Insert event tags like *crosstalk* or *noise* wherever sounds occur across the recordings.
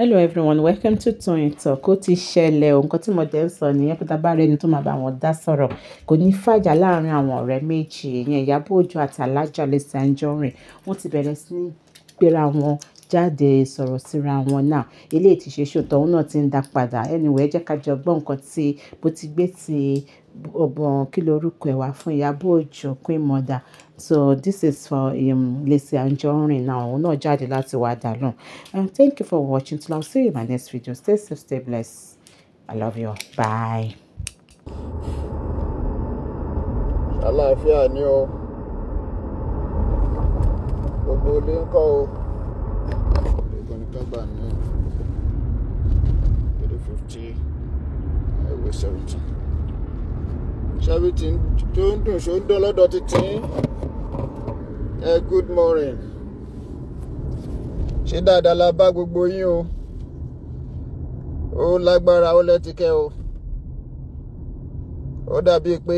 hello everyone welcome to Toyeen Talk ó ti ṣẹlẹ̀ o nǹkan tí mo dẹ̀ ń sọ nìyẹn pé tábà rẹni tó máa bá wọn dá sọ̀rọ̀ kò ní fàjà láàrin àwọn ọ̀rẹ́ méjì ìyẹn Ìyábọ̀ Òjó àti Alájà Lẹ́sì Anjọ́rìn wọ́n ti bẹ̀rẹ̀ sí ní gbéra wọn jáde sọ̀rọ̀ síra wọn náà eléyìí ti ṣe náà ti ń dá padà anyway jẹ́ ká jọ gbọ́ nǹkan tí bó ti gbé ti ọ̀bọ̀n kí lorúkọ ẹ̀ wá fún Ìyábọ̀ Òjó Queen Mother so this is for um, Lizzy Anjorin now òun náà jáde láti wá dá and thank you for watching till i see you in my next video stay safe stay blessed i love you bye. àlàáfíà ni o gbogbo ilé ń kọ́ o ègbò nìkan gbà ní three oh fifty highway seventeen ṣé ibi tí ó ń dùn ṣó ń dán lọ́dọ̀ títí ẹ eh, good morning ṣé dáadáa la bá gbogbo yín o ó lágbára ó lẹ́tíkẹ́ o ó dàbí pé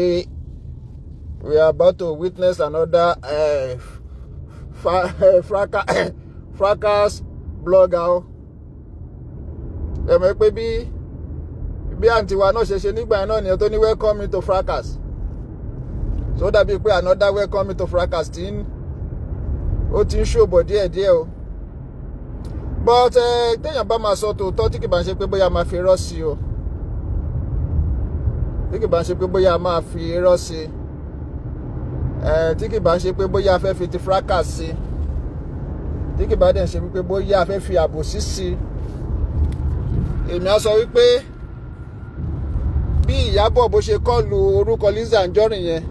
we are about to witness another eh, eh, fracas, fracas blogger o ẹ mọ̀ pé bí bí àǹtí wa náà ṣe ṣe nígbà náà nìyẹn tó ní welcome me to fracas so ó dàbí pé another welcome me to fracas ti ń ó ti ń ṣòbọ̀ díẹ̀díẹ̀ o but eh, téèyàn bá máa sọ tòótọ́ tí kì bá ń ṣe pé bóyá máa fi irọ́ sí o tí kì bá ń ṣe pé bóyá máa fi irọ́ sí eh, tí kì bá ń ṣe pé bóyá fẹ́ fi ti fracas sí tí kì bá dẹ̀ ṣe wípé bóyá fẹ́ fi àbòsí sí èmi á sọ wípé bí Ìyábọ̀ bó ṣe kọ́ lu orúkọ Lizzy Anjorin yẹn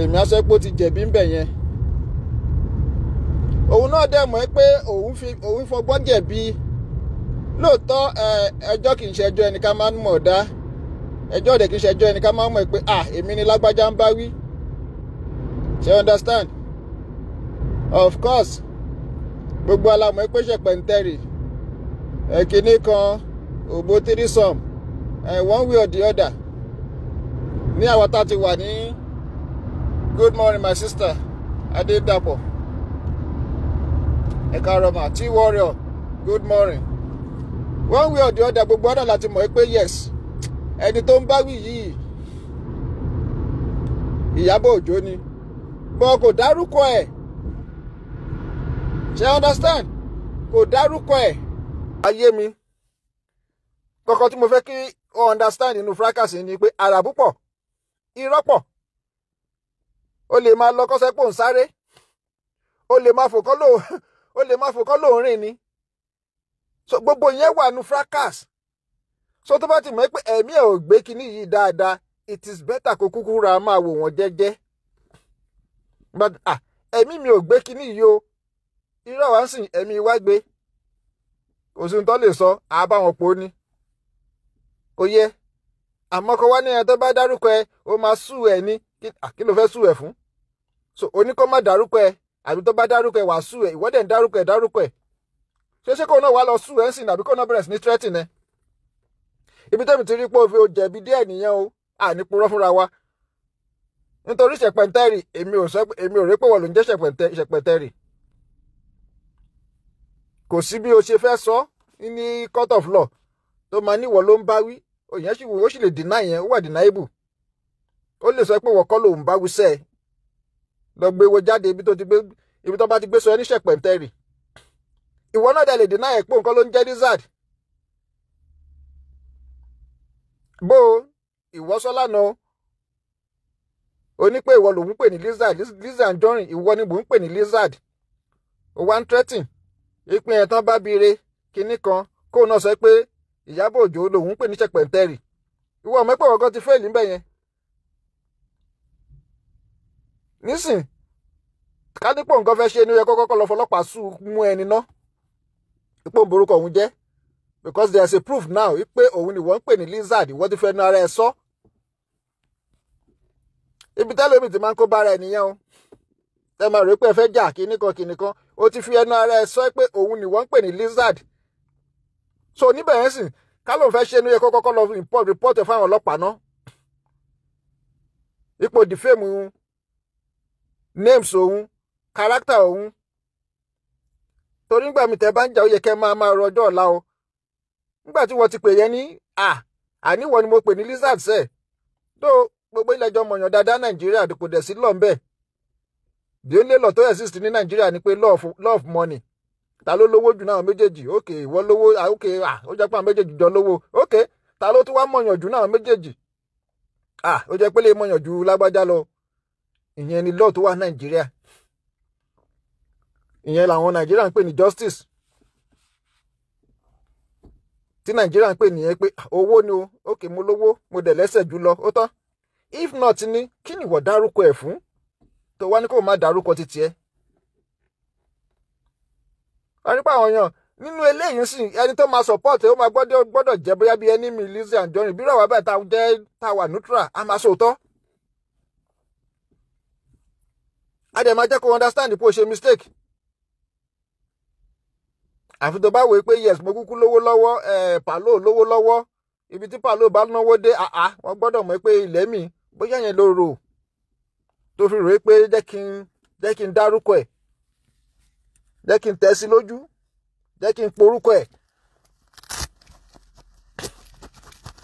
èmi á sọ pé ó ti jẹ̀bi ń bẹ̀ yẹn òun náà dẹ̀ mọ̀ pé òun fọgbọ́n jẹ̀bi lóòótọ́ ẹjọ́ kì í ṣe ẹjọ́ ẹnìkan máa ń mọ̀ ọ̀dá ẹjọ́ ọ̀dẹ̀ kì í ṣe ẹjọ́ ẹnìkan máa ń mọ̀ pé à èmi ni lágbájá ń bá wí ṣe understand of course gbogbo alamọ̀ pé ṣèpẹ̀ntẹ́rì ẹ̀kíní kan òbó tírísọ̀m one way or the other ní àwọn tá a ti wà ní good morning my sister adédàpọ̀. Ekarama T Warrior good morning one way or the other gbogbo ọ̀nà láti mọ̀ pé yes ẹni tó ń bá wí yìí Ìyábọ̀ Òjó ni bọ́ kò dárúkọ ẹ̀ ṣe understand kò dárúkọ ẹ̀ ayé mi kọ̀ọ̀kan tí mo fẹ́ kí o understand nínú fracasi ni pé ara púpọ̀ irọ́ pọ̀ o lè máa lọ kọ́sẹ́ pò ń sáré o lè máa fò kọ́ lò o lè ma fòkọ́ lòún rìn ni so gbogbo yẹn wà nù fracas so tó bá ti mọ̀ pé ẹ̀mí ẹ̀ ò gbé kinní yìí it is better kó kúkú ra máa wò wọ́n jẹ́jẹ́ but ah ẹ̀mí mi ò gbé kinní yìí o irọ́ wa ń sìn ẹ̀mí wá gbé tó lè sọ àbáwọn pò ní kò yẹ wá ní tó bá dárúkọ ẹ ó máa sú ẹ ní kí ló fẹ́ sú ẹ fún so oníkọ́ má dárúkọ ẹ àbí tó bá dárúkọ ẹ̀ wàá sù ẹ ìwọ́dẹ̀ ń dárúkọ ẹ dárúkọ ẹ. ṣé ṣé kóun náà wàá lọ sù ẹ̀ ń sìn àbí kóun ibi tẹ́mi ti rí pé o fi o jẹ̀bi díẹ̀ nìyẹn o purọ́ fúnra wa nítorí ṣẹ̀pẹ̀ntẹ́rì èmi ò èmi ò rí pé wọ́n o ṣe fẹ́ sọ ní court of law tó máa ló ń bá wí òyìn ó lè yẹn ó wà ó lè sọ pé kọ́ lòun bá lọ gbé jáde ibi tó ti gbé ibi tó bá ti gbé sọ ẹni ṣẹ̀pẹ̀ ìwọ náà dẹ̀ lè dènà pé nǹkan ló ń jẹ́ lizard bó ìwọ sọ o ní pé ìwọ lòun pè ní lizard lizard jọrin ìwọ ni mò ń pè ní lizard o wá ń ìpín bá bire kinní kan kó náà sọ pé lòun pè ní ìwọ ká ní pọ̀ nǹkan fẹ́ ṣe ni ó yẹ kọ́kọ́ lọ fọlọ́pàá sù mú ẹni ná ipò ń borúkọ òun jẹ́ because there is a proof now wípé òun ni wọ́n ń pè lizard wọ́n ti fẹ́ nu ara ẹ̀ sọ́ ibi tẹ́lómi ti máa ń kó bára ẹ̀ nìyẹn o ẹ máa rò pé ẹ fẹ́ jà kinní kan kinní kan ó ti fi ẹnu ara ẹ̀ sọ pé ni wọ́n ń pè lizard so ni yẹn sì ká ló ń fẹ́ ṣe ni ó yẹ kọ́kọ́ lọ report ẹ̀ fáwọn ọlọ́pàá náà ipò dìfẹ́mù names òun karakta òun torí nígbà mi tẹ́ bá ń jà ó yẹ kẹ́ máa máa rọjọ́ ọ̀la o nígbà tí wọ́n ti pè yẹn ní à àníwọ̀ ni mo pè ní lizard sẹ́ẹ̀ tó gbogbo ìlẹ́jọ́ mọ̀yàn dáadáa nàìjíríà kò dẹ̀ sí lọ́ọ̀nbẹ̀ bí ó lé lọ tó exist ní nàìjíríà ni pé love money ta ló lówó jù náà méjèèjì ok ìwọ lówó ok ó pé àwọn méjèèjì jọ lówó ok ta ló tún méjèèjì ìyẹn làwọn nàìjíríà ń pè ní justice tí nàìjíríà ń pè nìyẹn pé owó ni o òkè mo lówó mo dẹ̀ lẹ́sẹ̀ jù lọ ó tán if not ni kí ni ìwọ dárúkọ ẹ̀ fún tó wá ní kó o má dárúkọ títí ẹ. àrípa àwọn èèyàn nínú eléyìí sì ẹni tó máa support ẹ ó máa gbọ́dọ̀ jẹ́ bóyá bí ẹni mi Lizzy Anjorin bí ràwá bẹ́ẹ̀ tá a jẹ́ tá a wà neutral a máa sòótọ́. a dẹ̀ máa jẹ́ kó understand pé o ṣe mistake àfi tó bá wòye pé yes mo kúkú lówó lọ́wọ́ eh, palo lówó lọ́wọ́ ibi tí palo bá náwó dé àá wọ́n gbọ́dọ̀ mọ̀ pé ilẹ̀ mi bóyá yẹn ló rò tó fi rò pé jẹ́ kí n jẹ́ kí n dárúkọ ẹ̀ jẹ́ kí n tẹ̀ sí lójú jẹ́ kí n porúkọ ẹ̀.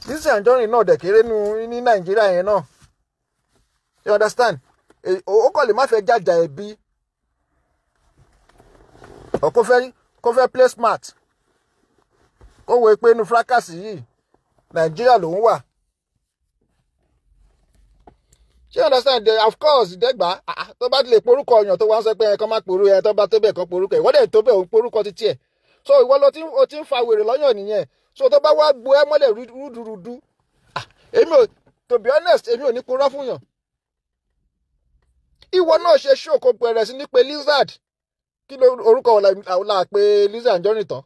náà dẹ̀ kéré nu ní Nàìjíríà yẹn náà you understand ó kọ́ lè má fẹ́ kó fẹ́ play smart kó wo pé inú fracas yìí nàìjíríà lòún wà. ṣé you understand the of course dẹ́gbà ah, ah, tó bá lè porúkọ ọyàn tó wá ń sọ pé ẹ̀kan má porú ẹ̀ tó bá tó bẹ̀ kan porúkọ ìwọ́n dẹ̀ tó bẹ̀ òun porúkọ títí ẹ̀ so ìwọ ló ti ń fa wèrè lọ́yàn nìyẹn so tó bá wá gbo ẹ mọ́lẹ̀ rúdurùdu ah, èmi ò to be honest èmi ò ní purọ́ fún yàn ìwọ náà ṣe ṣókò bẹ̀rẹ̀ sí ní pé lizard kí ló orúkọ la pé Lizzy Anjorin tán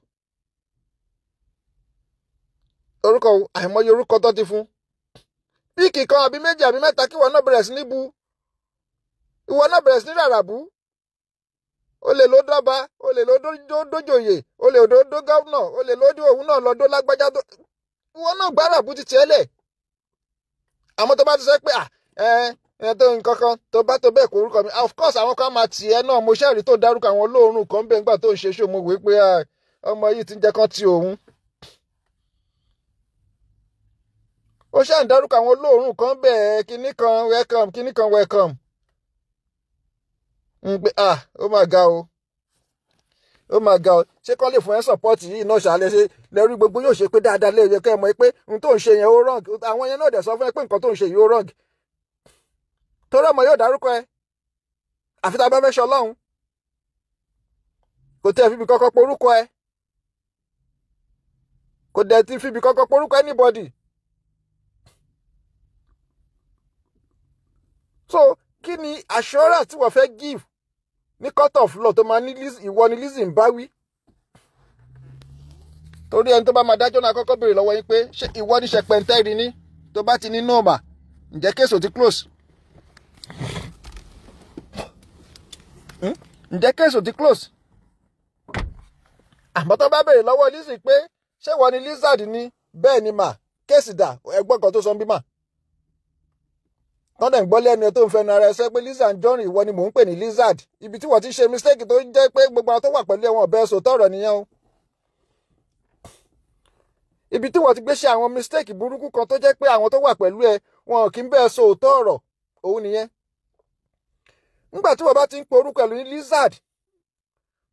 orúkọ àìmọye orúkọ tó ti fún píìkì kan àbí méjì àbí mẹ́ta kí ìwọ náà sí ní bu náà sí ní rárá bu olè ló dọ́ba olè ló dójòyè olè ló dó òun náà lágbájá tó náà ti tó ẹ tó tó bá tó bẹ́ẹ̀ kó orúkọ mi of course àwọn kan máa tì ẹ́ náà mo ṣẹ́rìí tó dárúkọ àwọn olóòórùn kan bẹ́ẹ̀ nígbà tó ń ṣe ṣó mo wí pé ọmọ yìí ti ń jẹ́ kán ti òun. ó ṣáà ń dárúkọ àwọn olóòórùn kan bẹ́ẹ̀ kinní kan welcome kinní kan welcome. ń pè ah ó máa ga o ó máa ga ọ ṣé kán lè fún ẹ sọpọ́ọ̀tì yìí náà ṣàlẹ́ ṣe lẹ́rú gbogbo yóò ṣe pé dáadáa lè yẹ kẹ́ ẹ mọ̀ pé ohun tó ń ṣe yẹn ó rọ́ǹg àwọn yẹn náà dẹ̀ sọ fún ẹ pé nǹkan tó ń ṣe yìí ó rọ́ǹg torí ọmọ yóò dárúkọ ẹ àfi tá a bá fẹ́ ṣe ọlọ́run kò fi fíbi kọ́kọ́ porúkọ ẹ kò dẹ̀ ti fíbi kọ́kọ́ porúkọ anybody so kí ni assurance tí wọ́n fẹ́ give ní court of law tó máa ní ìwọ ni Lizzy bá wí torí ẹni tó bá máa dájọ́ náà kọ́kọ́ béèrè lọ́wọ́ yín pé ṣé ìwọ ní ṣẹpẹ́ntẹ́rì ni tó bá ti ní nọ́ọ̀mà ǹjẹ́ kéèsì ò ti close. Hmm? ǹjẹ́ kéèsì ò ti close àmọ́ tó bá béèrè lọ́wọ́ Lizzy pé ṣé wọ́n ni lizard ni bẹ́ẹ̀ ni mà dà kan tó sọ mà lẹ́nu ẹ tó ń fẹnu ara ẹsẹ́ pé Lizzy ìwọ ni mò ń pè ní lizard ibi tí wọ́n ti ṣe mistake tó jẹ́ pé gbogbo tó wà pẹ̀lú tọ̀rọ̀ o ibi tí wọ́n ti gbé nígbà tí wọ́n bá ti ń pe orúkọ ẹ̀lú ní lizard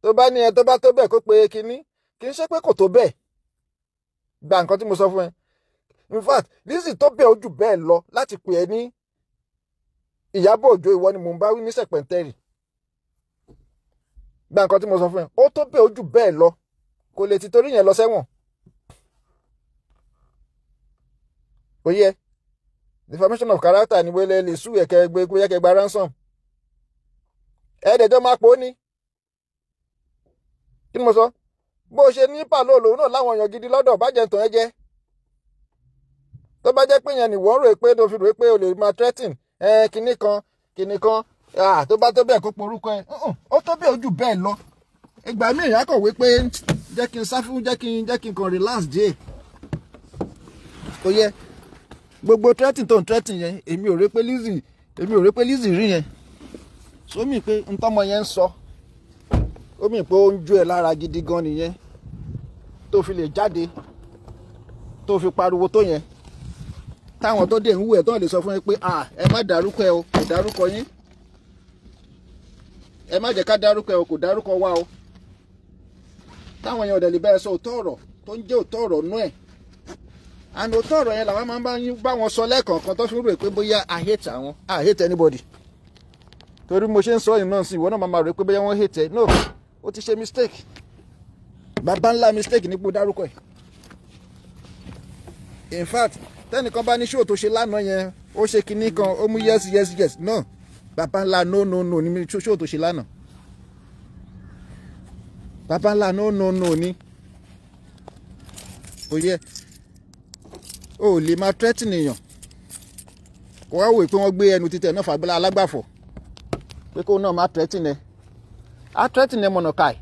tó bá ní ẹ tó bá tó bẹ́ẹ̀ kó pe kínní kì í ṣe pé kò tó bẹ́ẹ̀ gba nǹkan tí mo sọ fún ẹ in fact Lizzy tó bẹ́ẹ̀ ojú bẹ́ẹ̀ lọ láti pè ẹ́ ní Ìyábọ̀ Òjó ìwọ ni mò ń bá wí ní gba nǹkan tí mo sọ fún ẹ ó tó bẹ́ẹ̀ ojú bẹ́ẹ̀ lọ kò lè ti torí yẹn lọ sẹ́wọ̀n ó yẹ defamation of character ni wẹ́lẹ́ lè sú ẹ̀kẹ́ gbẹ́gbẹ́ yẹ́kẹ́ gba ransom. ẹ̀ẹ́dẹ̀jọ́ máa pọ̀ ó ní kí ni mo sọ bó ṣe ní pàlọ́ lòun náà láwọn èèyàn gidi lọ́dọ̀ bàjẹ́ tàn ẹ́ jẹ́ tó bá jẹ́ pé yẹn ni wọ́n rò pé tó fi rò pé o lè máa threaten kinní kan kinní kan tó bá tó bẹ́ẹ̀ kó porúkọ ẹ̀ ó tó bẹ́ẹ̀ ojú bẹ́ẹ̀ lọ ìgbà míì ìyá kọ̀ pé jẹ́ kí n sáfù jẹ́ kí n jẹ́ kí n kàn relax díẹ̀ kò yẹ gbogbo threaten tó ń threaten yẹn èmi ò rí pé Lizzy èmi ò rí pé Lizzy rí yẹn sómi pé ntọ́mọ yẹn ń sọ omi pé ó ń e lára gidi gan nìyẹn tó fi lè jáde tó fi pariwo tó yẹn táwọn tó dé ń wú ẹ tó lè sọ fún yín pé ẹ má dárúkọ ẹ o kò dárúkọ yín ẹ má jẹ́ ká dárúkọ ẹ o kò dárúkọ wa o táwọn yẹn ọ̀dẹ̀lẹ̀ sọ òótọ́ ọ̀rọ̀ tó ń jẹ́ òótọ́ ọ̀rọ̀ nú ẹ̀ àná òótọ́ ọ̀rọ̀ yẹn làwọn máa ń bá wọn sọ lẹ́ẹ̀kọ̀ọ̀kan tó fi ń rò pé bóyá àwọn anybody. torí mo ṣe ń sọ yìí náà sí ìwọ náà máa rò pé bẹ́ẹ̀ wọ́n hate no ó ti ṣe mistake bàbá ńlá mistake nípò dárúkọ ẹ̀ in fact tẹ́nìkan bá ní ṣó tó ṣe lánàá yẹn ó ṣe kinní kan ó mú yes yes yes no. bàbá ńlá no no no ní ṣó tó ṣe lánàá bàbá ńlá no no no ní òye o ò lè máa threatening èèyàn kò wá wò pé wọ́n gbé ẹnu títẹ̀ náà fàgbélá alágbàfọ̀ pé kó náà má threaten ẹ á threaten ẹ Mọ̀nàkàì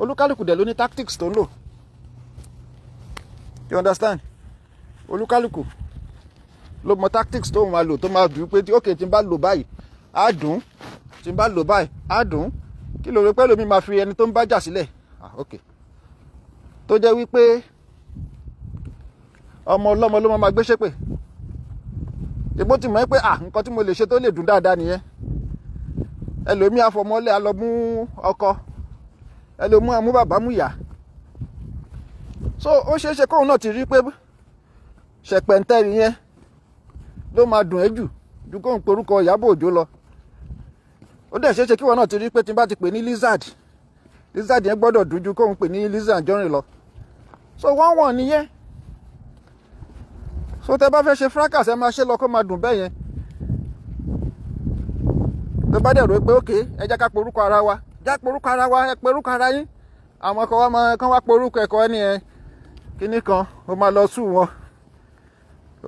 olúkálùkù dẹ̀ ló ní tactics tó ń lò you understand olúkálùkù ló mọ tactics tó máa lò tó máa dùn pé ok tí n bá lò báyìí á dùn tí n bá lò báyìí á dùn kí ló rẹ pẹ́ lómi máa fi ẹni tó ń bá jà sílẹ̀ ah ok tó jẹ́ wípé ọmọ ọlọ́mọ ló máa gbé ṣépè ṣùgbọ́n ti mọ̀ ẹ́ pé ah nǹkan tí mo lè ṣe tó lè dùn dáadáa nìyẹn ẹlòmí afọmọlé alọmú ọkọ ẹlòmú amú bàbá mú ìyá so ó ṣeé ṣe kóun náà ti rí pé ṣẹ̀pẹ̀ntẹ́ yẹn ló máa dùn ẹ́ jù ju kóun porúkọ Ìyábọ̀ Òjó lọ ó dẹ̀ ṣeé ṣe kí wọn náà ti rí pé tí n bá ti pè ní lizard lizard yẹn gbọ́dọ̀ dùn ju kóun pè ní lizard jọrin lọ so wọ́n wọ̀n nìyẹn so tẹ bá fẹ́ ṣe fracas ẹ máa ṣe lọ kó máa dùn bẹ́ẹ̀ yẹn tó bá dẹ̀ rò pé ókè ẹ jẹ́ ká porúkọ ara wa já porúkọ ara wa ẹ porúkọ ara yín àwọn kan wá mọ kán wá porúkọ ẹ̀kọ́ ẹni ẹ kíní kan ó máa lọ sùn wọn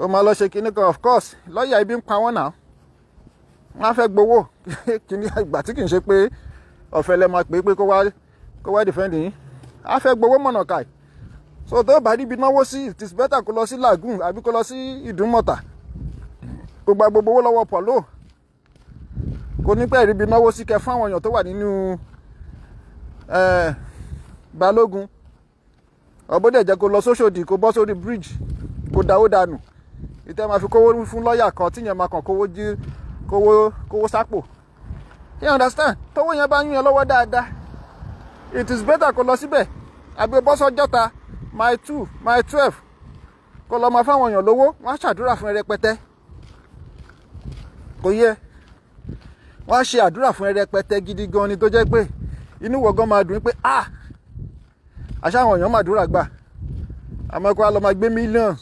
ó máa lọ ṣe kíní kan of course lọ́ọ̀yà ibi ń pa wọ́n náà wọ́n á fẹ́ gbowó *laughs* kíní àgbà tí kì í ṣe pé ọ̀fẹ́ lẹ́ máa pè é pé kó wá kó wá dìfẹ́ǹdì yín á fẹ́ gbowó mọ̀nà káì so tó bá níbi náwó sí it is better kó lọ sí lagoon àbí kó lọ sí ìdúnmọ̀tà kó gba gbogbo owó lọ́wọ́ pọ̀ lóò kò ní pẹ́ ìríbi náwó sí kẹ fún àwọn èèyàn tó wà nínú balógun ọ̀bọ̀dẹ̀ jẹ́ kó lọ sóṣòdì kó bọ́ sórí bridge kó dáwó dànù ìtẹ́ máa fi kówó fún lọ́ọ̀yà kan tíyẹn máa kàn kówó jí kówó kówó sápò you understand tówó yẹn bá yún yẹn lọ́wọ́ dáadáa it is better kó lọ síbẹ̀ àbí bọ́sọ̀jọ́ta my two my twelve kó lọ máa fáwọn èèyàn lówó wọ́n á ṣàdúrà fún rẹpẹtẹ kò yẹ wọ́n á ṣe àdúrà fún ẹ rẹpẹtẹ gidi gan ni tó jẹ́ pé inú wọ̀ gan máa dùn pé ah àṣà àwọn èèyàn màdúrà gbà àmọ́ ẹ̀kọ́ àlọ́ máa gbé millions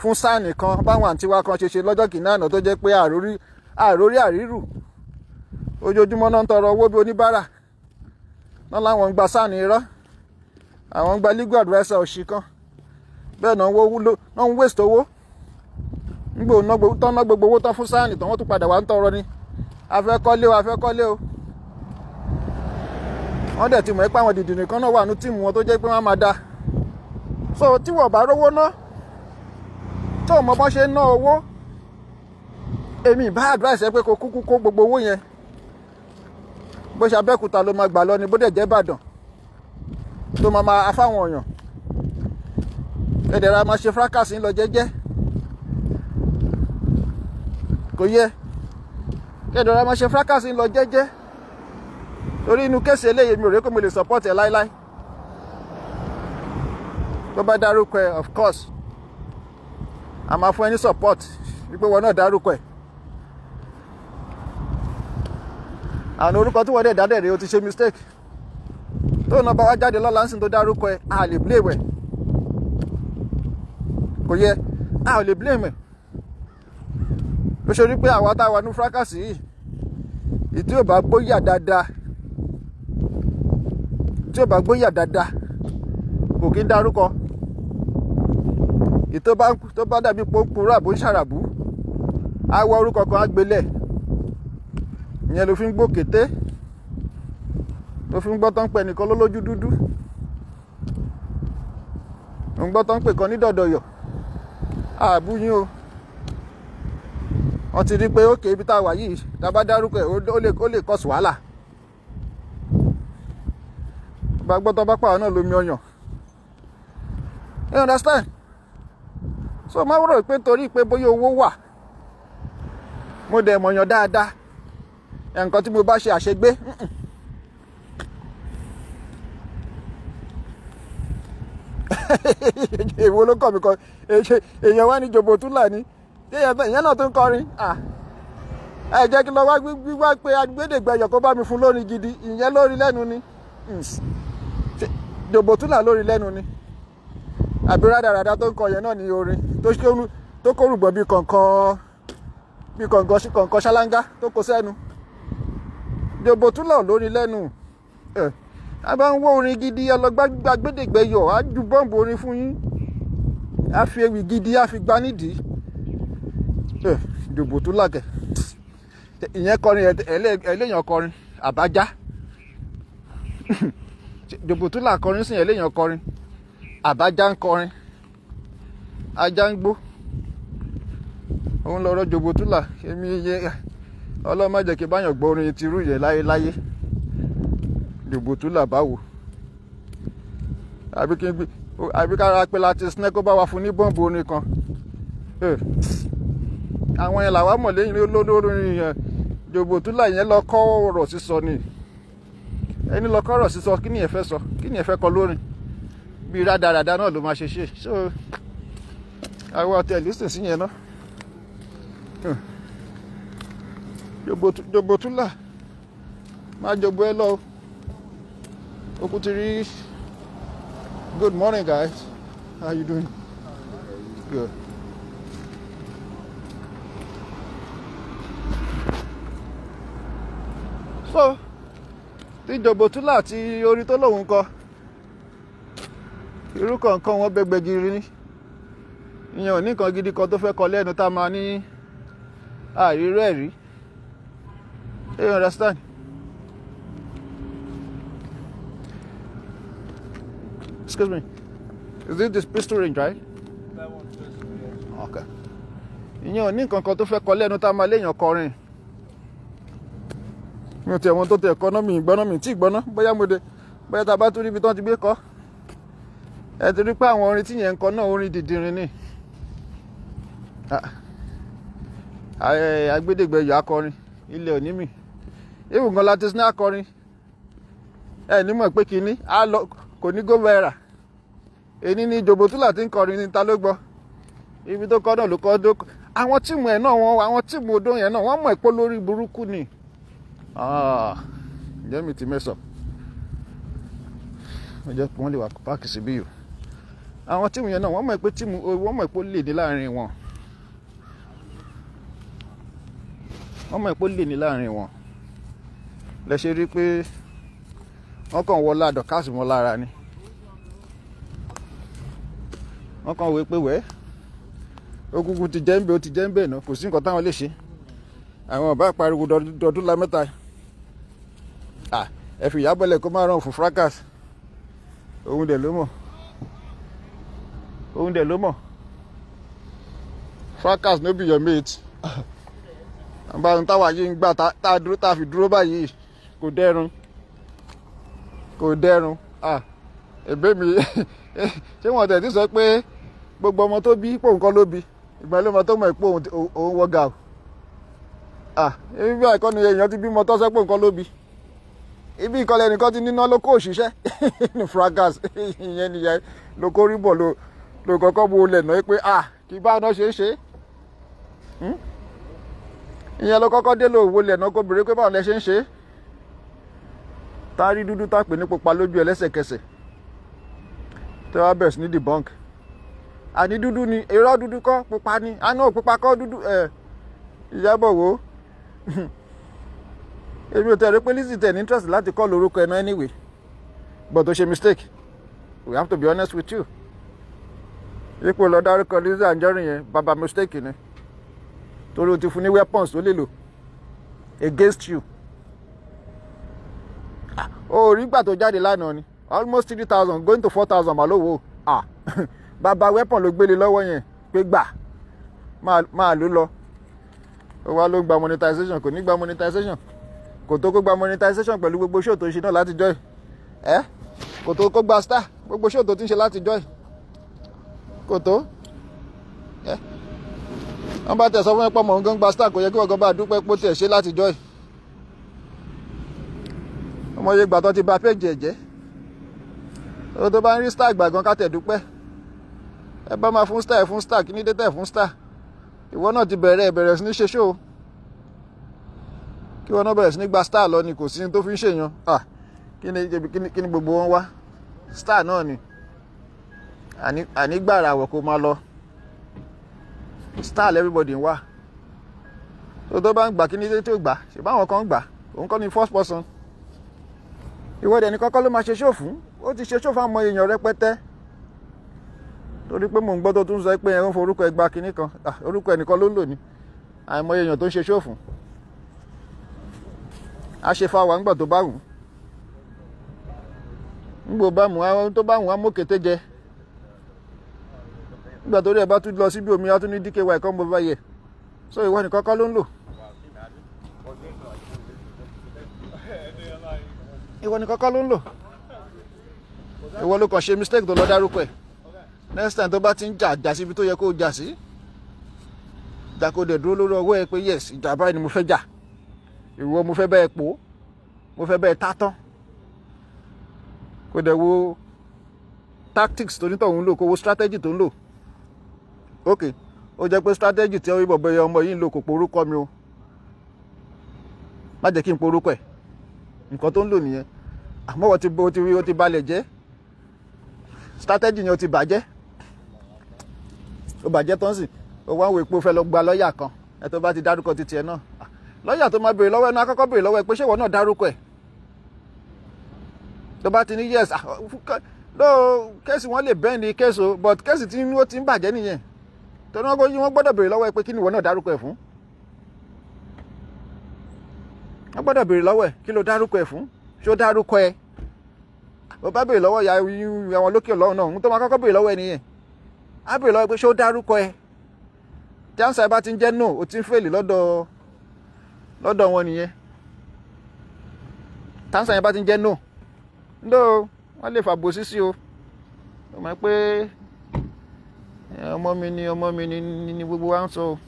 fún sáà nìkan báwọn àǹtí wa kan ṣe ṣe lọ́jọ́ kìíní àná tó jẹ́ pé àròrí àrírù ojoojúmọ́ náà ń tọrọ owó bí oníbàárà náà láwọn ń gba sáà ní irọ́ àwọn ń gba legal adviser òṣì kan bẹ́ẹ̀ náà ń waste owó tọ́ná gbogbo owó tán fún sáà nìtàn wọ́n tún padà wá ń tọrọ ni afẹ́kọ́lé o afẹ́kọ́lé o wọ́n dẹ̀ ti mọ̀ pé àwọn dìdì nìkan náà wà ní tíìmù wọn tó jẹ́ pé wọ́n á máa da so tí wọ́n bá rówó ná tó mọ bọ́n ṣe ná owó èmi ìbá advice ẹ pé kó kúkú kó gbogbo owó yẹn bó ṣe abẹ́kúta ló máa gbà lọ ni bó dẹ̀ jẹ́ ìbàdàn tó máa máa afáwọn èèyàn ẹ̀dẹ̀ra máa ṣe fracas ńlọ jẹ́jẹ́ kò yẹ. kẹ́dùn ọ̀rẹ́ máa ṣe fracas ń lọ jẹ́jẹ́ torí inú kéèsì eléyìí mi ò rí pé mo lè support ẹ̀ láíláí tó bá dárúkọ ẹ̀ of course a máa fún ẹ ní support wípé wọn náà dárúkọ ẹ̀ àwọn orúkọ tí wọn dẹ̀ dá dẹ̀rẹ̀ o ti ṣe mistake tó náà bá wá jáde lọ́la ń sìn tó dárúkọ ẹ̀ a lè blame ẹ̀ kò yẹ a ò lè blame ẹ̀. ló ṣe rí pé àwa tá a wà ní fracas yìí ìtí ò bá gbóyà dáadáa tí ò bá gbóyà dáadáa kò kí ń darúkọ ìtó bá tó bá dàbí pòpòrò àbò ń ṣàràbù á wọ orúkọ kan á gbélé ìyẹn ló fi ń gbó kété ló fi ń gbọ́ tán pé ẹnìkan ló lójú dúdú ló ń gbọ́ tán pé kan ní dọ̀dọ̀yọ̀ àbúyín o wọ́n ti rí pé ókè ibi tá a wà yìí tá a bá dárúkọ ẹ̀ ó lè cause wàhálà bá gbọ́tọ̀ bá pàwọn náà lómi ọyàn you understand so má rò pé torí pé bóyá owó wà mo dẹ̀ mọ̀yàn dáadáa nǹkan tí mo bá ṣe àṣegbé *laughs* èwo ló kọ̀ mí kọ èèyàn wá ní jòbótúlà ni tí ìyẹn náà tó ń kọrin ẹ jẹ́ kí lọ wá wíwá pé agbẹ́dẹ̀gbẹ̀yọ̀ kó bá mi fún lórí gidi ìyẹn lórí lẹ́nu ni jòbótúlà hmm. lórí lẹ́nu ni àbí rádaràda tó ń kọ yẹn náà ní orin tó kórùgbọ́n bíi kọ̀ọ̀kan bíi kọ̀ọ̀kan ṣáláńgá tó kó sẹ́nu jòbótúlà lórí lẹ́nu ẹ̀ a bá ń wó orin gidi ọlọ́gbàgbẹ́dẹ̀gbẹ̀yọ̀ á ju bọ́ǹbù orin fún yín á fi ewì gidi á fi gbá nídìí. Eh, dìbò tó làgẹ̀ ìyẹn kọrin ẹlẹ́yìn kọrin àbájá *laughs* dìbò tó là kọrin sí ẹlẹ́yìn kọrin àbájá ń kọrin ajá ń gbó òun lọ́rọ̀ dìbò tó là èmi yẹ ọlọ́mọdé kí báyọ̀ gbọ́ orin ti rú yẹ láyéláyé dìbò tó là báwo àbí kí n gbé àbí kára pé láti sinẹ́kó bá wa fún ní bọ́ǹbù orin kan. Hey. Eh àwọn yẹn làwa mọ̀ lẹ́yìn olórin yẹn jòbótúlà yẹn lọ kọ́ ọ̀rọ̀ sísọ ni ẹni lọ kọ́ ọ̀rọ̀ sísọ kí ni ẹ fẹ́ sọ kí ni ẹ fẹ́ kọ lórin bí rádaràda náà ló máa ṣe ṣe so àwọn ọtẹ lùsìn sí yẹn náà jòbótúlà máa jòbó ẹ lọ okùn ti rí good morning guys how you doing good. so tí jọ̀bọ̀túlà àti orin tó lòun kọ irú kọ̀ọ̀kan wọn gbẹgbẹ giri ní ìyẹn ò ní gidi kan tó fẹ́ kọ lẹ́nu tá a máa ní àìrírú ẹ̀ rí you understand excuse me is this the pistol range right that one pistol range okay ìyẹn ò ní tó fẹ́ kọ lẹ́nu tá a máa léèyàn kọrin. mi ò tiẹ̀ wọn tó tiẹ̀ kọ́ náà mi ìgbọ́ná mi tí ìgbọ́ná bóyá mo de bóyá tá a bá tún ríbi tán ti gbé kọ́ ẹ ti rí pé àwọn orin tí yẹn ń kọ náà orin dìdìrín ni agbẹ́dẹ́gbẹ̀yọ̀ akọrin ilẹ̀ òní mi ìwùngàn láti sinú akọrin ẹ nímọ̀ pé kínní á lọ kò ní gómìnà èyí ni jòbótúlà ti ń kọrin ní ta ló gbọ́ ibi tó kọ́ náà ló kọ́ dó àwọn tíìmù ẹ̀ náà àwọn tíìmù odó yẹn náà wọ́n mọ̀ ìpolórí burúkú ni. Ah, ǹjẹ́ mi ti mẹ́sàn wọ́n jẹ́ wọ́n lè wà páàkì síbí yìí àwọn tíìmù yẹn náà wọ́n mọ̀ pé tíìmù wọ́n mọ̀ pé ó lè ní láàrin wọn wọ́n mọ̀ pé ó lè ní láàrin wọn lẹ ṣe rí pé wọ́n kàn wọlé àdọ̀kásì mọ́ lára ni wọ́n kàn wé pé wẹ́ ó kúkú ti jẹ́ ń bẹ̀ ó ti jẹ́ ń bẹ̀ náà kò sí nǹkan táwọn lè ṣe àwọn ọba pariwo dọdún la mẹ́ta yìí. Ah, fi ìyábọ̀lẹ̀ kó má ràn fún fracas òun dẹ̀ ló mọ̀ òun dẹ̀ ló mọ̀ fracas no be your mate àbáyọ táwa yìí ń gbà tá a dúró tá a fi dúró báyìí kò dẹrùn kò dẹrùn ẹ̀bẹ̀ mi ṣé wọn tẹ̀ ti sọ pé gbogbo ọmọ tó bí pòun kọ́ ló bí ìgbà ló mọ tó mọ̀ pé òun wọ gà ó ẹ̀bí bí àìkọ́ni èèyàn ti bímọ tó sọ pé òun kọ́ ló bí ibi ìkọlẹ̀ nìkan ti níná ló kó òṣìṣẹ́ *laughs* ní fragas ìyẹn nìyẹn ló kó rí bọ̀ ló kọ́kọ́ bu olè náà pé ah kì bá iná ṣe é ṣe hmm? ìyẹn ló kọ́kọ́ dé lòwò olè náà kó béèrè pé báwọn lẹ ṣe ń ṣe tá a rí dúdú tá a pè ní pupa lójú ẹ lẹ́sẹ̀kẹsẹ̀ tí wọ́n bẹ̀rẹ̀ sí ní debunk àní dúdú ni irọ́ dúdú kọ́ pupa ni àná òpupa kọ́ dúdú ẹ̀ Ìyábọ̀ wo *laughs* èmi ò tẹ̀rí pé Lizzy tẹ̀ ní interest láti kọ́ lórúkọ ẹ̀ náà anyway but ó ṣe mistake we have to be honest with you ipò lọ dárúkọ Lizzy Anjorin yẹn baba mistake ni torí o ti fún ní weapons tó lè lò against you ah, o rí gbà tó jáde lánàá ni almost three thousand going to four thousand mà lówó ah *laughs* baba weapon ló gbélé lọ́wọ́ yẹn pé gbà máa ló lọ ó wá ló gba monetization kò ní gba monetization kò tó kó gba monetization pẹ̀lú gbogbo show tó ń ṣe náà láti joy ẹ kò tó kó gba star gbogbo show tó ti ń ṣe láti joy kò tó ẹ wọ́n bá tẹ̀ sọ fún ẹ pọ̀ mọ̀ ń gán gba star kò yẹ kí wọ́n gan bá dúpẹ́ pé ó tiẹ̀ ṣe láti joy ọmọ yẹn ti ba péjì ẹ̀jẹ̀ ó tó bá ń rí star gbà gan ká tẹ̀ dúpẹ́ ẹ bá máa fún star ẹ fún star kí ní dé tẹ̀ fún star ìwọ náà ti bẹ̀rẹ̀ ìbẹ̀rẹ̀ sí ní ṣe ṣó kí wọn náà bẹ̀rẹ̀ sí ní gba star lọ ni kò sí ní tó fi ń ṣèyàn ah kí ni kí ni gbogbo wọn wá star náà ni ànígbàrà àwọ̀ kó máa lọ star everybody ń wá tó tó bá ń gbà kí ni tó gbà ṣe báwọn kan gbà òun kọ́ ni first person ìwọ́de ẹnì kọ́kọ́ ló máa ṣe ṣòfù ó ti ṣe ṣòfù àmọ́ èèyàn rẹpẹtẹ torí pé mò ń gbọ́ tó tún sọ pé ẹ̀rọ ń forúkọ ẹgbàá kínní kan orúkọ ẹnìkan ló ń lò ní àìmọye èèyàn tó ń ṣe ṣòfù àṣefáwa ńgbà tó bá wù ńgbò bá mú àwọn tó bá wù wọn jẹ ńgbà tó ẹ bá tún lọ síbi omi atún ní so ìwọ ló ń lò ìwọ ló mistake tó lọ dárúkọ ẹ next time tó bá ti ń jà jà síbi tó yẹ kó jà sí jà kó dẹ̀ dúró lórí ọwọ́ ẹ pé ni mo fẹ́ ìwọ mo fẹ́ bẹ́ẹ̀ pò mo fẹ́ bẹ́ẹ̀ tátán kó dẹ̀ wo tactics tó nítọ̀ ń lò kó wo strategy tó ń lò ok ó jẹ́ pé strategy tí ọyún bọ̀bọ̀ ọmọ yìí ń lò kò porúkọ mi o má jẹ́ kí n porúkọ ẹ̀ nǹkan tó ń lò nìyẹn àmọ́ wọ́n ti bo ti rí o ti balẹ̀ jẹ́ strategy yẹn o ti bàjẹ́ o bàjẹ́ tán sì o wá ń wo epo fẹ́ lọ gba lọ́ọ̀yà kan ẹ tó bá ti dárúkọ ti tiẹ̀ náà lọ́yà tó máa béèrè lọ́wọ́ ẹnu akọ́kọ́ béèrè lọ́wọ́ ẹ pé ṣé ìwọ náà dárúkọ ẹ̀ tó bá ti ní yes ló ah, kẹ́sì wọn lè bẹ́ẹ̀ ni kẹ́sì o but kẹ́sì tí ó ti ń bàjẹ́ nìyẹn torí wọn gbọ́dọ̀ béèrè lọ́wọ́ ẹ pé kí ni ìwọ náà dárúkọ ẹ̀ fún wọ́n gbọ́dọ̀ béèrè lọ́wọ́ ẹ̀ kí ló dárúkọ ẹ̀ fún ṣé ó dárúkọ ẹ̀ ó bá béèrè lọ́wọ́ ìyá àwọn lókè lọ́wọ́ náà tó máa kọ́kọ́ béèrè lọ́wọ́ ẹ̀ nìyẹn á béèrè lọ́wọ́ pé ṣé ó dárúkọ ẹ̀ tí àǹsà ẹ bá ti ń jẹ́ no ó ti ń fèlè lọ́dọ̀ lọ́dọ̀ wọn nìyẹn tánsán yẹn bá ti ń jẹ́ no ndó wọ́n lè fàbò sísí o ó mọ̀ pé ọmọ mi ni ọmọ mi ni ni gbogbo wa ń sọ o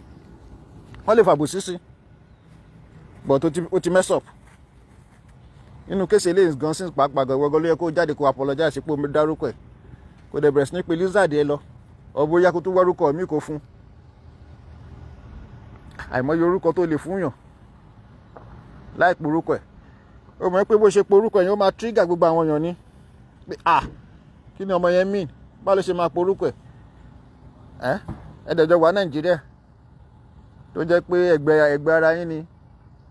wọ́n lè fàbò sísí but ó ti mess up nínú kéèsì eléyìí gan sí pàápàá gan gbọgbọ ló yẹ kó jáde kó apologize pé omi dárúkọ ẹ kò dẹ̀ bẹ̀rẹ̀ sí ní pe lizard ẹ lọ ọ̀bọ̀ yakutú wárúkọ mi kò fún àìmọye orúkọ tó lè fún yàn láì porúkọ ẹ̀ ó mọ̀ pé bó ṣe porúkọ ẹ̀ yẹn ó máa tírígà gbogbo àwọn èèyàn ní pé à kí ni ọmọ yẹn mean báwo ló ṣe máa porúkọ ẹ̀ ẹ́ ẹ̀dẹ̀jọ wà nàìjíríà tó jẹ́ pé ẹgbẹ́ ẹgbẹ́ ara yín ni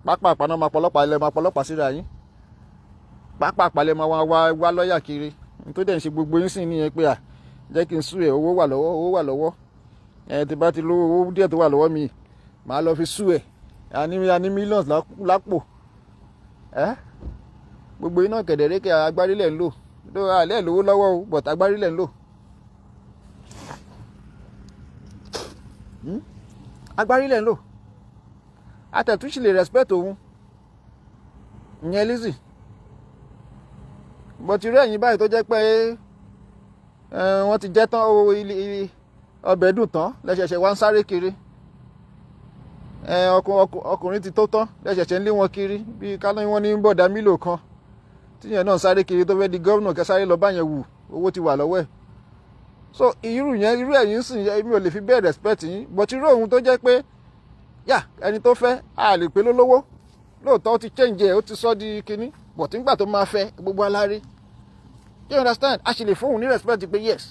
pápápá náà máa pọlọ́pàá ilẹ̀ máa pọlọ́pàá síra yín pápápá lẹ́ máa wá wá lọ́ọ̀yà kiri tó dẹ̀ ń ṣe gbogbo yín sì nìyẹn pé à jẹ́ kí n sú ẹ̀ owó wà lọ́wọ́ owó wà lọ́wọ́ ẹ̀ tí bá ti lówó díẹ̀ tó wà lọ́wọ́ mi màá lọ fi sú ẹ̀ àní mílíọ̀nù lápò gbogbo iná kẹ̀dẹ̀rẹ́ kí agbárílẹ̀ ń lò lóra àlẹ́ lówó lọ́wọ́ o but agbárílẹ̀ ń lò hmm? agbárílẹ̀ ń lò atẹ̀túnṣì lè respect òun ìyẹn Lizzy but irú ẹ̀yìn báyìí tó jẹ́ pé eh, wọ́n ti jẹ́ tán ọbẹ̀ dùn tán lẹ́sẹ̀ẹsẹ̀ wá ń sáré kiri. ọkùnrin ti tó tán lẹ́sẹ̀sẹ̀ ń lé wọn kiri bíi kálọ́ wọn ní bọ̀dá mílò kan tíyẹn náà sáré kiri tó fẹ́ di gómìnà kẹsáré lọ báyẹn wù owó ti wà lọ́wọ́ ẹ̀ so irú yẹn irú ẹ̀yìn sìn yẹn mi ò lè fi bẹ́ẹ̀ respect yín but irú òun tó jẹ́ pé yà ẹni tó fẹ́ a lè pé lólówó lóòótọ́ ó ti change ẹ̀ ó ti sọ di kinní but nígbà tó máa fẹ́ gbogbo alárí you understand a sì lè fóun ní respect pé yes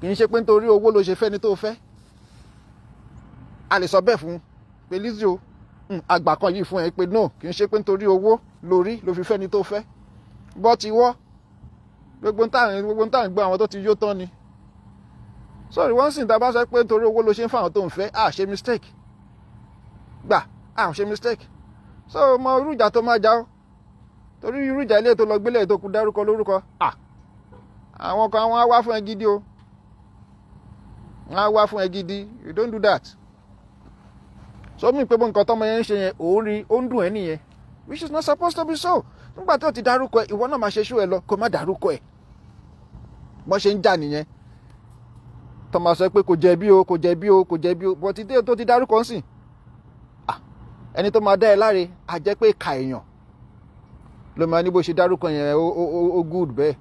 kì í ṣe pé nítorí owó ló ṣe fẹ́ ni tó fẹ́ a lè sọ bẹ́ẹ̀ fún un pé Lizzy hmm, àgbà kan yìí fún ẹ pé no kì í ṣe pé nítorí owó lórí ló fi fẹ́ ni tó fẹ́ bọ́ ti wọ́ gbogbo ń tàn gbogbo ń tàn gbọ́ àwọn tó ti yó tán ni sọ́ọ̀rì wọ́n sì ń dábàá sọ pé nítorí owó ló ṣe ń fáwọn tó ń fẹ́ à ṣe mistake gbà à ṣe mistake so mọ irú ìjà tó máa já ọ torí irú ìjà ilé tó lọ gbélé tó kú dárúkọ lórúkọ à àwọn kan wọn á wá fún ẹ gidi o wọn á wá fún ẹ gidi you don't do that so mi pé bó nǹkan tọ́mọ yẹn ń ṣe yẹn òun rí ó ń dùn ẹ́ nìyẹn which is not supposed to be so nígbà tó ti darúkọ ẹ ìwọ náà máa ṣe ṣú ẹ lọ kó má darúkọ ẹ bó ṣe ń jà nìyẹn tó máa sọ pé kò jẹ̀bi o kò jẹ̀bi o kò jẹ̀bi o bó ti dé tó ti darúkọ ń sìn ẹni tó máa dá ẹ láre á jẹ́ pé ka èèyàn ló máa ní bó ṣe dárúkọ yẹn ó good bẹ́ẹ̀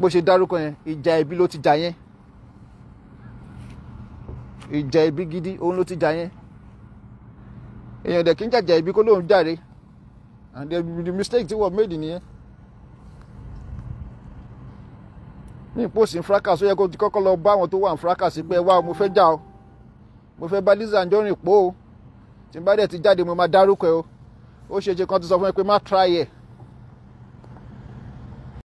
bó ṣe dárúkọ yẹn ìjà ẹbí ló ti jà yẹn ìjà ibi gidi òun ló ti jà yẹn èèyàn dẹ̀ kí n jàjà ibi kó lóun jàre and the, the mistake ti wọ́n made nìyẹn ní ìpòsí fracas ó yẹ kó ti kọ́kọ́ lọ bá àwọn tó wà ní fracas pé wá mo fẹ́ jà o mo fẹ́ bá Lizzy Anjorin pò o tí n bá dẹ̀ ti jáde mo máa dárúkọ ẹ o ó ṣe é ṣe kan ti sọ fún mi pé má try ẹ̀